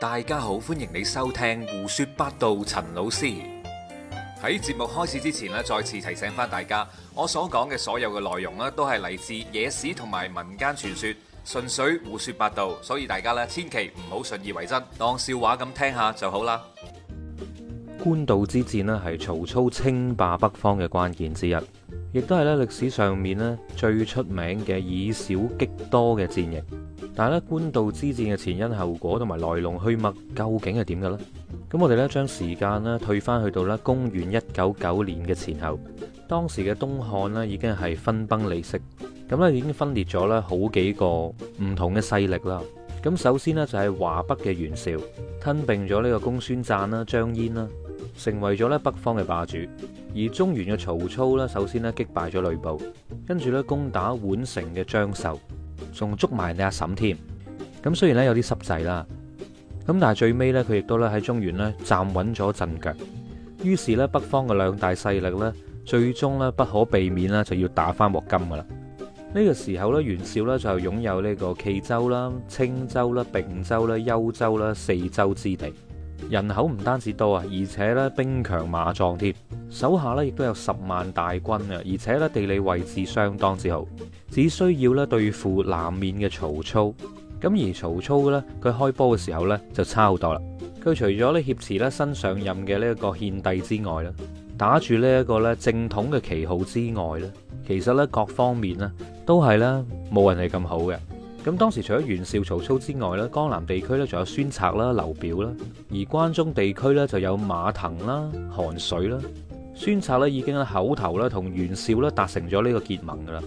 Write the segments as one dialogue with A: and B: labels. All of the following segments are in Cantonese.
A: 大家好，歡迎你收聽胡說八道。陳老師喺節目開始之前再次提醒翻大家，我所講嘅所有嘅內容都係嚟自野史同埋民間傳說，純粹胡說八道，所以大家千祈唔好信以為真，當笑話咁聽下就好啦。官渡之戰咧係曹操稱霸北方嘅關鍵之一，亦都係咧歷史上面最出名嘅以少擊多嘅戰役。但係咧，官渡之戰嘅前因後果同埋來龍去脈究竟係點嘅呢？咁我哋咧將時間咧退翻去到咧公元一九九年嘅前後，當時嘅東漢咧已經係分崩離析，咁咧已經分裂咗咧好幾個唔同嘅勢力啦。咁首先呢，就係華北嘅袁紹吞併咗呢個公孫瓚啦、張燕啦，成為咗咧北方嘅霸主。而中原嘅曹操咧，首先咧擊敗咗呂布，跟住咧攻打宛城嘅張繡。仲捉埋你阿嬸添，咁雖然呢有啲濕滯啦，咁但係最尾呢，佢亦都咧喺中原咧站穩咗陣腳，於是呢，北方嘅兩大勢力呢，最終呢不可避免啦就要打翻鑊金噶啦。呢個時候呢，袁紹呢就擁有呢個冀州啦、青州啦、并州啦、幽州啦四州之地，人口唔單止多啊，而且呢兵強馬壯添。手下咧亦都有十萬大軍啊，而且咧地理位置相當之好，只需要咧對付南面嘅曹操。咁而曹操呢，佢開波嘅時候呢就差好多啦。佢除咗呢挾持咧新上任嘅呢一個獻帝之外咧，打住呢一個呢正統嘅旗號之外呢，其實呢各方面呢都係咧冇人係咁好嘅。咁當時除咗袁紹、曹操之外呢，江南地區呢仲有孫策啦、劉表啦，而關中地區呢就有馬騰啦、韓遂啦。孫策咧已經喺口頭咧同袁紹咧達成咗呢個結盟噶啦，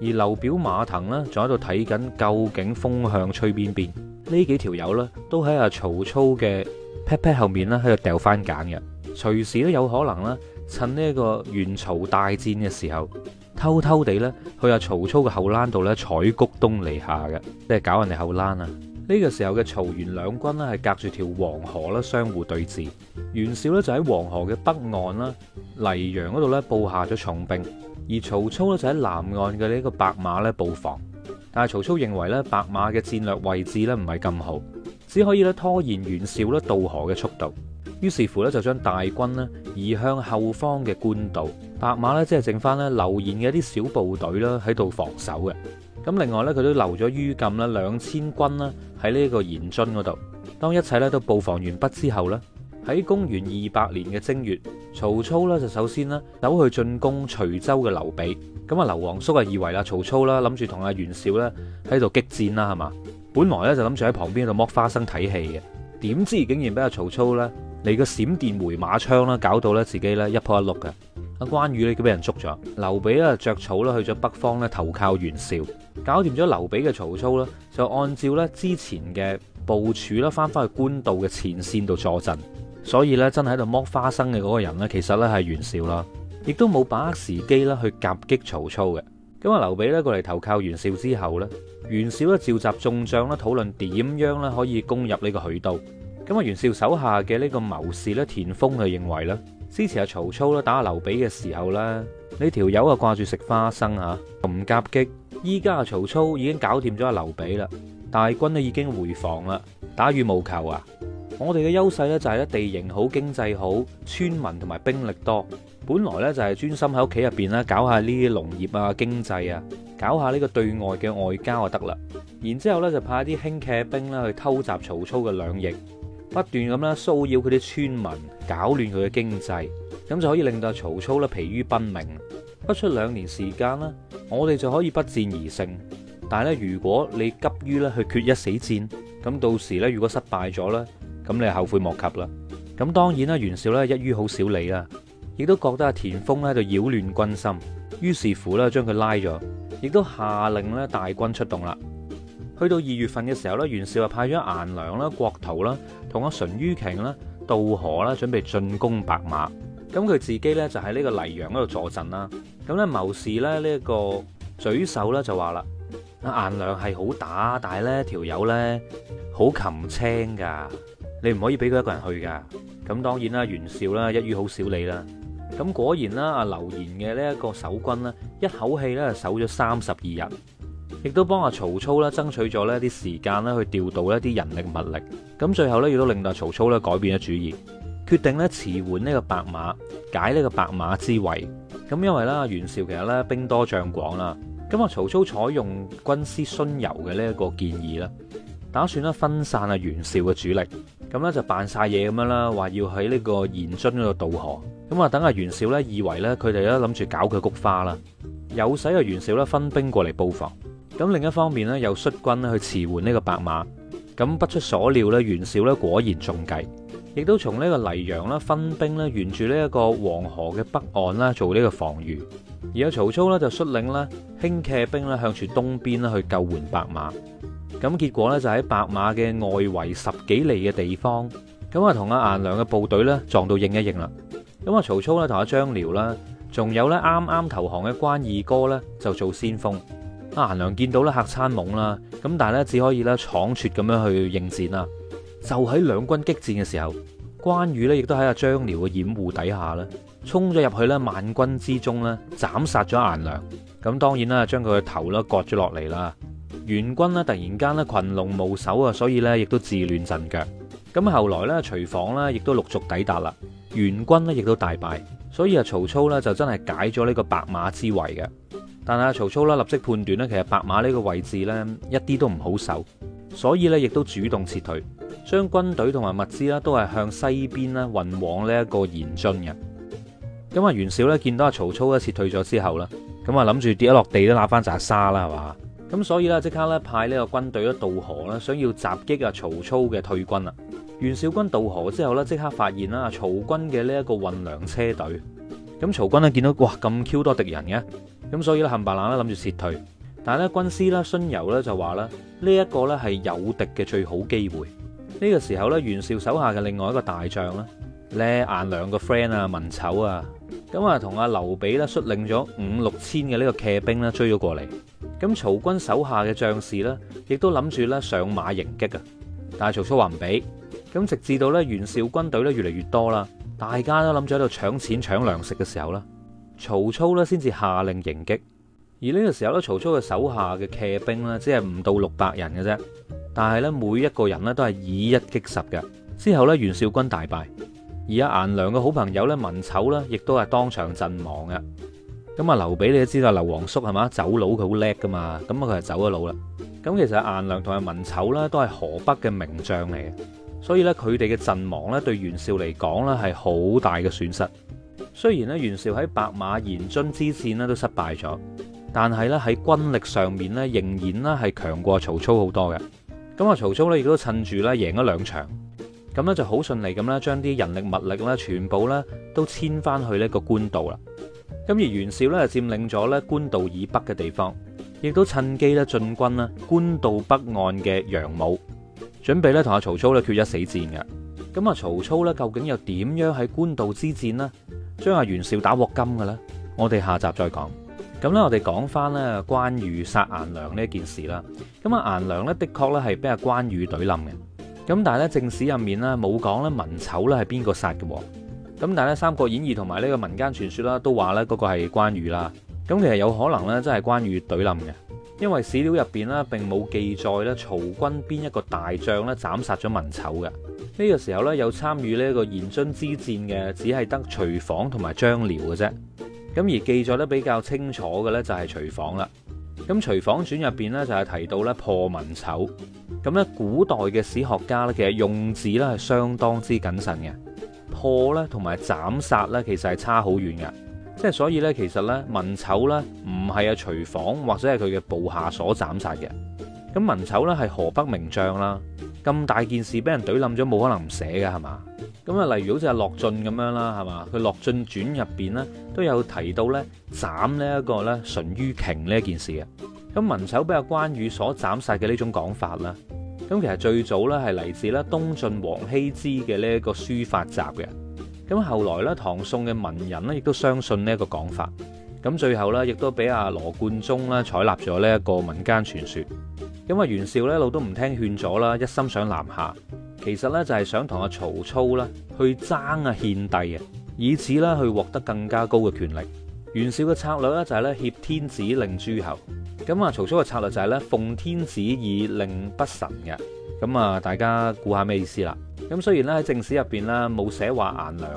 A: 而劉表、馬騰咧仲喺度睇緊究竟風向吹邊邊？呢幾條友咧都喺阿曹操嘅劈劈後面咧喺度掉翻揀嘅，隨時都有可能咧趁呢個袁曹大戰嘅時候，偷偷地咧去阿曹操嘅後欄度咧採菊東籬下嘅，即係搞人哋後欄啊！呢個時候嘅曹袁兩軍咧係隔住條黃河啦，相互對峙。袁紹咧就喺黃河嘅北岸啦，黎陽嗰度咧布下咗重兵；而曹操咧就喺南岸嘅呢個白馬咧布防。但係曹操認為咧白馬嘅戰略位置咧唔係咁好，只可以咧拖延袁紹咧渡河嘅速度。於是乎咧就將大軍咧移向後方嘅官渡。白馬咧即係剩翻咧劉延嘅一啲小部隊啦喺度防守嘅。咁另外呢，佢都留咗于禁兩千軍啦喺呢個延津嗰度。當一切呢都布防完畢之後呢，喺公元二百年嘅正月，曹操呢就首先呢扭去進攻徐州嘅劉備。咁啊，劉皇叔啊，以為啦曹操啦，諗住同阿袁紹呢喺度激戰啦，係嘛？本來呢就諗住喺旁邊度剝花生睇戲嘅，點知竟然俾阿曹操呢嚟個閃電回馬槍啦，搞到呢自己呢一仆一碌嘅。阿關羽呢都俾人捉咗，劉備呢着草啦去咗北方呢投靠袁紹。搞掂咗劉備嘅曹操呢，就按照呢之前嘅部署呢，翻返去官道嘅前綫度坐陣。所以呢，真係喺度剝花生嘅嗰個人呢，其實呢係袁紹啦，亦都冇把握時機呢去夾擊曹操嘅。咁啊，劉備呢過嚟投靠袁紹之後呢，袁紹呢召集眾將呢，討論點樣呢可以攻入呢個許都。咁啊，袁紹手下嘅呢個謀士呢，田豐就認為呢，之前阿曹操呢打阿劉備嘅時候呢，呢條友啊掛住食花生吓，唔夾擊。依家啊，曹操已經搞掂咗阿劉備啦，大軍都已經回防啦。打羽毛球啊，我哋嘅優勢呢，就係咧地形好，經濟好，村民同埋兵力多。本來呢，就係專心喺屋企入邊啦，搞下呢啲農業啊，經濟啊，搞下呢個對外嘅外交就得啦。然之後咧就派啲輕騎兵呢去偷襲曹操嘅兩翼，不斷咁啦騷擾佢啲村民，搞亂佢嘅經濟，咁就可以令到曹操呢疲於奔命。不出兩年時間啦，我哋就可以不戰而勝。但係咧，如果你急於咧去決一死戰，咁到時咧如果失敗咗咧，咁你就後悔莫及啦。咁當然啦，袁紹呢一於好少理啦，亦都覺得阿田豐咧就擾亂軍心，於是乎咧將佢拉咗，亦都下令咧大軍出動啦。去到二月份嘅時候咧，袁紹就派咗顏良啦、郭圖啦，同阿淳于瓊啦渡河啦，準備進攻白馬。咁佢自己咧就喺呢個黎陽嗰度坐鎮啦。咁咧，謀士咧呢一個嘴手咧就話啦，阿顏良係好打，但係咧條友咧好擒青噶，你唔可以俾佢一個人去噶。咁當然啦，袁紹啦一於好少理啦。咁果然啦、啊，阿劉延嘅呢一個守軍咧，一口氣咧守咗三十二日，亦都幫阿曹操咧爭取咗咧啲時間咧去調度咧啲人力物力。咁最後咧亦都令到曹操咧改變咗主意，決定咧遲緩呢個白馬解呢個白馬之圍。咁因為啦，袁紹其實咧兵多將廣啦，咁啊曹操採用軍師荀攸嘅呢一個建議咧，打算咧分散啊袁紹嘅主力，咁呢就扮晒嘢咁樣啦，話要喺呢個延津嗰度渡河，咁啊等阿袁紹呢以為呢，佢哋咧諗住搞佢菊花啦，有使啊袁紹呢分兵過嚟布防，咁另一方面呢，又率軍去支援呢個白馬，咁不出所料呢，袁紹呢果然中計。亦都從呢個黎陽啦，分兵咧沿住呢一個黃河嘅北岸啦做呢個防禦，而阿曹操呢，就率領咧輕騎兵呢向住東邊呢去救援白馬，咁結果呢，就喺白馬嘅外圍十幾里嘅地方，咁啊同阿顏良嘅部隊呢撞到應一應啦，咁啊曹操呢，同阿張遼啦，仲有呢啱啱投降嘅關二哥呢，就做先鋒，阿顏良見到呢嚇餐懵啦，咁但係呢，只可以咧倉促咁樣去應戰啦。就喺兩軍激戰嘅時候，關羽呢亦都喺阿張遼嘅掩護底下呢，衝咗入去呢萬軍之中呢，斬殺咗顏良。咁當然啦，將佢嘅頭咧割咗落嚟啦。援軍呢突然間呢群龍無首啊，所以呢亦都自亂陣腳。咁後來呢，徐晃呢亦都陸續抵達啦，援軍呢亦都大敗，所以啊曹操呢就真係解咗呢個白馬之圍嘅。但係曹操呢立即判斷呢，其實白馬呢個位置呢一啲都唔好守，所以呢亦都主動撤退。將軍隊同埋物資啦，都係向西邊啦運往呢一個延津嘅。咁啊，袁紹呢見到啊曹操咧撤退咗之後呢咁啊諗住跌一落地都揦番拃沙啦，係嘛？咁所以呢，即刻呢派呢個軍隊咧渡河呢想要襲擊啊曹操嘅退軍啦。袁紹軍渡河之後呢，即刻發現啦曹軍嘅呢一個運糧車隊。咁曹軍呢見到哇咁 Q 多敵人嘅，咁所以呢，冚唪唥咧諗住撤退，但係呢，軍師咧荀攸呢就話呢，呢、這、一個呢係誘敵嘅最好機會。呢個時候咧，袁紹手下嘅另外一個大將呢，呢顏良個 friend 啊，文醜啊,咁啊同阿劉備咧率領咗五六千嘅呢個騎兵咧追咗過嚟。咁曹軍手下嘅將士呢，亦都諗住呢上馬迎擊啊。但係曹操話唔俾。咁直至到呢，袁紹軍隊呢，越嚟越多啦，大家都諗住喺度搶錢搶糧食嘅時候啦，曹操呢先至下令迎擊。而呢個時候咧，曹操嘅手下嘅騎兵呢，只係唔到六百人嘅啫。但係咧，每一個人呢都係以一擊十嘅，之後咧，袁紹軍大敗，而阿顏良嘅好朋友咧，文醜呢亦都係當場陣亡嘅。咁啊，劉備你都知道，劉皇叔係嘛，走佬，佢好叻噶嘛，咁啊佢係走咗佬啦。咁其實顏良同埋文醜呢都係河北嘅名將嚟嘅，所以咧佢哋嘅陣亡呢對袁紹嚟講呢係好大嘅損失。雖然呢，袁紹喺白馬延津之戰呢都失敗咗，但係咧喺軍力上面呢仍然呢係強過曹操好多嘅。咁啊！曹操咧亦都趁住咧贏咗兩場，咁咧就好順利咁咧將啲人力物力咧全部咧都遷翻去呢個官渡啦。咁而袁紹咧就佔領咗咧官渡以北嘅地方，亦都趁機咧進軍啦官渡北岸嘅陽武，準備咧同阿曹操咧決一死戰嘅。咁啊！曹操咧究竟又點樣喺官渡之戰呢？將阿袁紹打鑊金嘅咧？我哋下集再講。咁咧，我哋講翻咧關羽殺顏良呢一件事啦。咁啊，顏良咧的確咧係俾阿關羽隊冧嘅。咁但係咧正史入面咧冇講咧文丑咧係邊個殺嘅喎。咁但係咧《三國演義》同埋呢個民間傳說啦，都話咧嗰個係關羽啦。咁其實有可能咧，真係關羽隊冧嘅，因為史料入邊咧並冇記載咧曹軍邊一個大將咧斬殺咗文醜嘅。呢、這個時候咧有參與呢個個延津之戰嘅，只係得徐晃同埋張遼嘅啫。咁而記載得比較清楚嘅呢，就係徐晃啦。咁《徐晃傳》入面呢，就係提到呢破文醜。咁呢，古代嘅史學家呢，其實用字呢係相當之謹慎嘅。破呢同埋斬殺呢，其實係差好遠嘅。即係所以呢，其實呢，文醜呢唔係阿徐晃或者係佢嘅部下所斬殺嘅。咁文醜呢，係河北名將啦。咁大件事俾人懟冧咗，冇可能唔寫嘅係嘛？咁啊，例如好似阿樂進咁樣啦，係嘛？佢《樂進傳》入邊呢都有提到呢斬呢一個呢淳於瓊呢件事嘅。咁文丑俾阿關羽所斬殺嘅呢種講法啦，咁其實最早呢係嚟自呢東晉王羲之嘅呢一個書法集嘅。咁後來呢，唐宋嘅文人呢亦都相信呢一個講法，咁最後呢，亦都俾阿羅貫中呢採納咗呢一個民間傳說。因為袁紹一路都唔聽勸阻啦，一心想南下，其實呢，就係想同阿曹操啦去爭阿獻帝啊，以此啦去獲得更加高嘅權力。袁紹嘅策略呢，就係咧挾天子令諸侯，咁啊曹操嘅策略就係咧奉天子以令不臣嘅，咁啊大家估下咩意思啦？咁雖然呢，喺正史入邊咧冇寫話顏良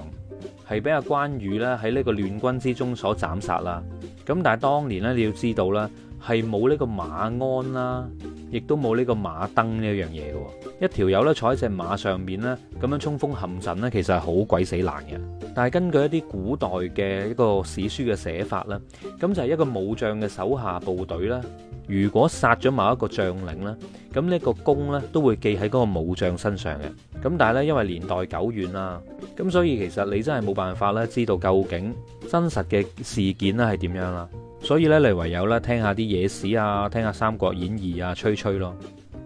A: 係俾阿關羽咧喺呢個亂軍之中所斬殺啦，咁但係當年呢，你要知道啦，係冇呢個馬鞍啦。亦都冇呢個馬鐙呢一樣嘢嘅喎，一條友咧坐喺隻馬上面咧，咁樣衝鋒陷陣咧，其實係好鬼死難嘅。但係根據一啲古代嘅一個史書嘅寫法啦，咁就係一個武將嘅手下部隊啦，如果殺咗某一個將領啦，咁呢個功咧都會記喺嗰個武將身上嘅。咁但係咧，因為年代久遠啊，咁所以其實你真係冇辦法咧知道究竟真實嘅事件咧係點樣啦。所以咧，嚟唯有咧，聽下啲野史啊，聽下《三國演義》啊，吹吹咯。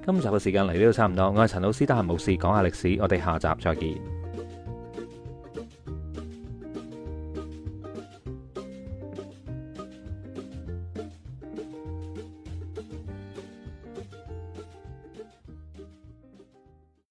A: 今集嘅時間嚟呢度差唔多，我係陳老師，得閒無事講下歷史，我哋下集再見。